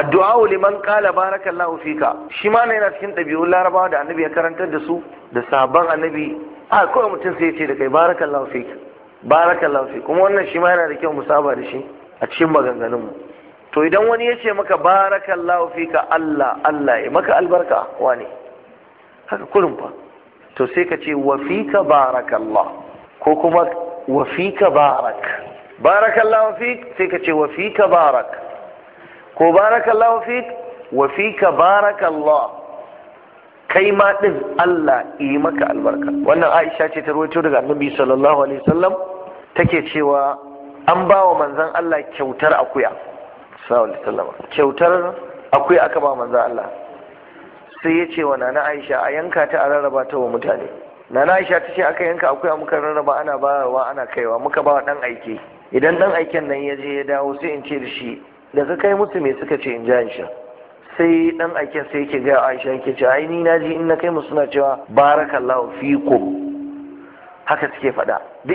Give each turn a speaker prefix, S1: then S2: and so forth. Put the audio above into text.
S1: addu'a liman qala barakallahu fika shi ma yana cikin ɗabi'un larabawa da annabi ya karantar da su da sabon annabi a kowa mutum sai ya ce da kai barakallahu fika barakallahu fika kuma wannan shi ma yana da kyau mu saba da shi a cikin maganganunmu to idan wani ya ce maka barakallahu fika Allah Allah ya maka albarka wane haka kurin fa to sai ka ce wa fika barakallah ko kuma wa fika barak barakallahu fika sai ka ce wa fika barak ko barakallahu fik wa fika barakallah kai ma din Allah yi maka albarka wannan Aisha ce ta rawaito daga Annabi sallallahu alaihi wasallam take cewa an ba wa manzon Allah kyautar akuya sallallahu alaihi wasallam kyautar akuya aka ba manzon Allah sai ya ce wa nana Aisha a yanka ta a rarraba ta wa mutane nana Aisha ta ce aka yanka akuya muka rarraba ana bayarwa ana kaiwa muka ba wa dan aike idan dan aiken nan ya je ya dawo sai in ce da shi da ka kai musu me suka ce in ji aisha sai dan ake sai yake ga aisha yake ce ai ni na ji in na kai mu suna cewa barakallahu fikum haka suke faɗa